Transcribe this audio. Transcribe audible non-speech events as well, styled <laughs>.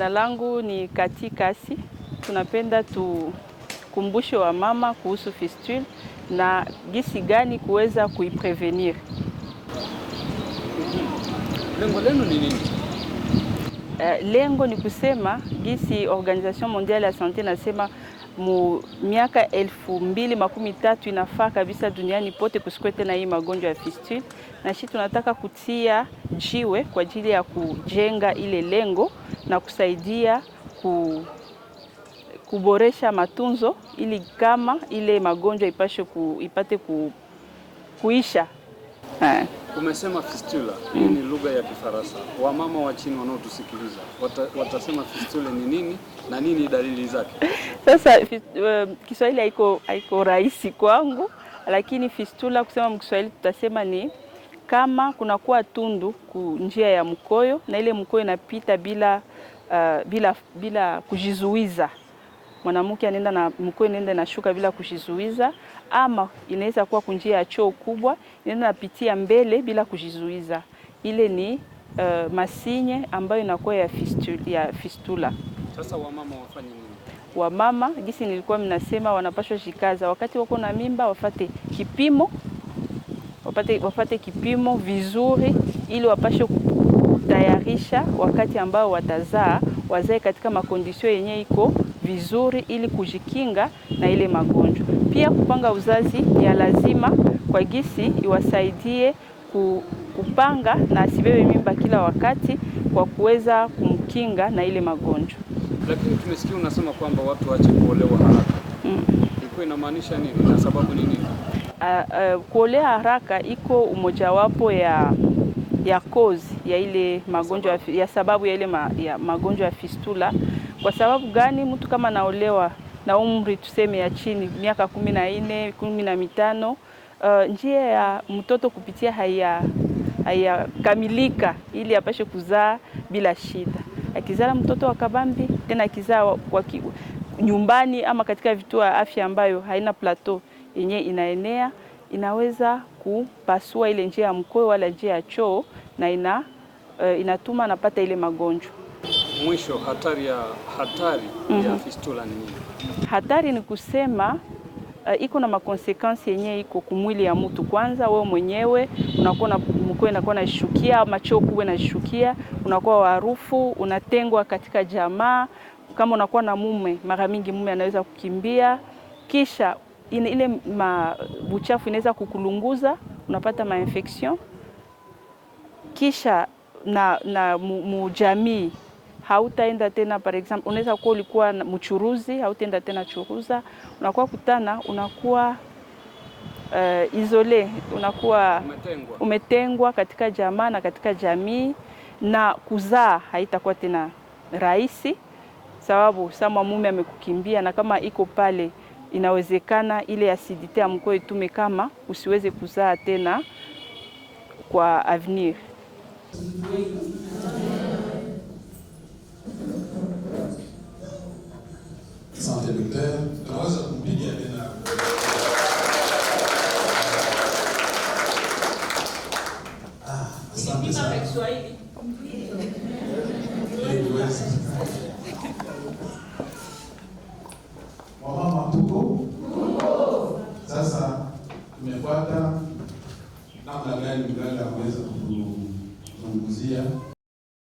Jina langu ni Kati Kasi. Tunapenda tukumbushe wa mama kuhusu fistule na gisi gani kuweza kuiprevenir. Lengo lenu ni nini? Eh, lengo ni kusema gisi Organisation Mondiale ya Sante nasema mu miaka elfu mbili makumi tatu inafaa kabisa duniani pote kusikwe tena hii magonjwa ya fistule, na shi tunataka kutia jiwe kwa ajili ya kujenga ile lengo na kusaidia ku, kuboresha matunzo ili kama ile magonjwa ipashe ku, ipate ku, kuisha ha. Eh. Umesema fistula mm. hii mm. ni lugha ya Kifaransa. Wamama wa chini wanaotusikiliza wata, watasema fistula ni nini na nini dalili zake? <laughs> Sasa uh, Kiswahili haiko haiko rahisi kwangu, lakini fistula kusema mkiswahili tutasema ni kama kunakuwa tundu ku njia ya mkoyo na ile mkoyo inapita bila, uh, bila, bila kujizuiza mwanamke anaenda na mkoyo inaenda inashuka bila kujizuiza, ama inaweza kuwa kunjia ya choo kubwa inaenda napitia mbele bila kujizuiza. Ile ni uh, masinye ambayo inakuwa ya fistula, ya fistula. Sasa wamama wafanye nini? Wamama gisi nilikuwa mnasema wanapashwa jikaza wakati wako na mimba, wafate kipimo wapate, wapate kipimo vizuri ili wapashe kutayarisha wakati ambao watazaa, wazae katika makondisio yenye iko vizuri ili kujikinga na ile magonjwa. Pia kupanga uzazi ya lazima kwa gisi iwasaidie kupanga na asibebe mimba kila wakati kwa kuweza kumkinga na ile magonjwa. Lakini tumesikia unasema kwamba watu waache kuolewa haraka. Mm. Ilikuwa inamaanisha nini na sababu ni nini? uh, uh, kuolea haraka iko umojawapo ya ya cause ya ile magonjwa ya sababu ya ile ma, ya magonjwa ya fistula. Kwa sababu gani? Mtu kama anaolewa na umri tuseme ya chini miaka kumi na nne kumi na mitano uh, njia ya mtoto kupitia haya hayakamilika ili apashe kuzaa bila shida. Akizaa mtoto wa kabambi tena akizaa kwa nyumbani ama katika vituo vya afya ambayo haina plateau yenye inaenea inaweza kupasua ile njia ya mkoe wala njia ya choo na ina, uh, inatuma napata ile magonjwa. Mwisho, hatari ya hatari mm -hmm. ya mhm. fistula ni nini? Hatari ni kusema uh, iko na makonsekansi yenyewe iko kumwili ya mtu. Kwanza wewe mwenyewe unakuwa unakuwa inakuwa nashukia, machoo kuwe naishukia unakuwa warufu, unatengwa katika jamaa. Kama unakuwa na mume, mara mingi mume anaweza kukimbia kisha ile ma buchafu inaweza kukulunguza, unapata mainfection kisha na, na mujamii hautaenda tena. Par example, unaweza kuwa ulikuwa mchuruzi, hautaenda tena churuza, unakuwa kutana, unakuwa uh, eh, isole, unakuwa umetengwa, umetengwa katika jamaa na katika jamii, na kuzaa haitakuwa tena rahisi, sababu sama mume amekukimbia, na kama iko pale inawezekana ile asidite ya mkoo itume kama usiweze kuzaa tena kwa avenir. Asante baadaye mganga aweza kuzungumzia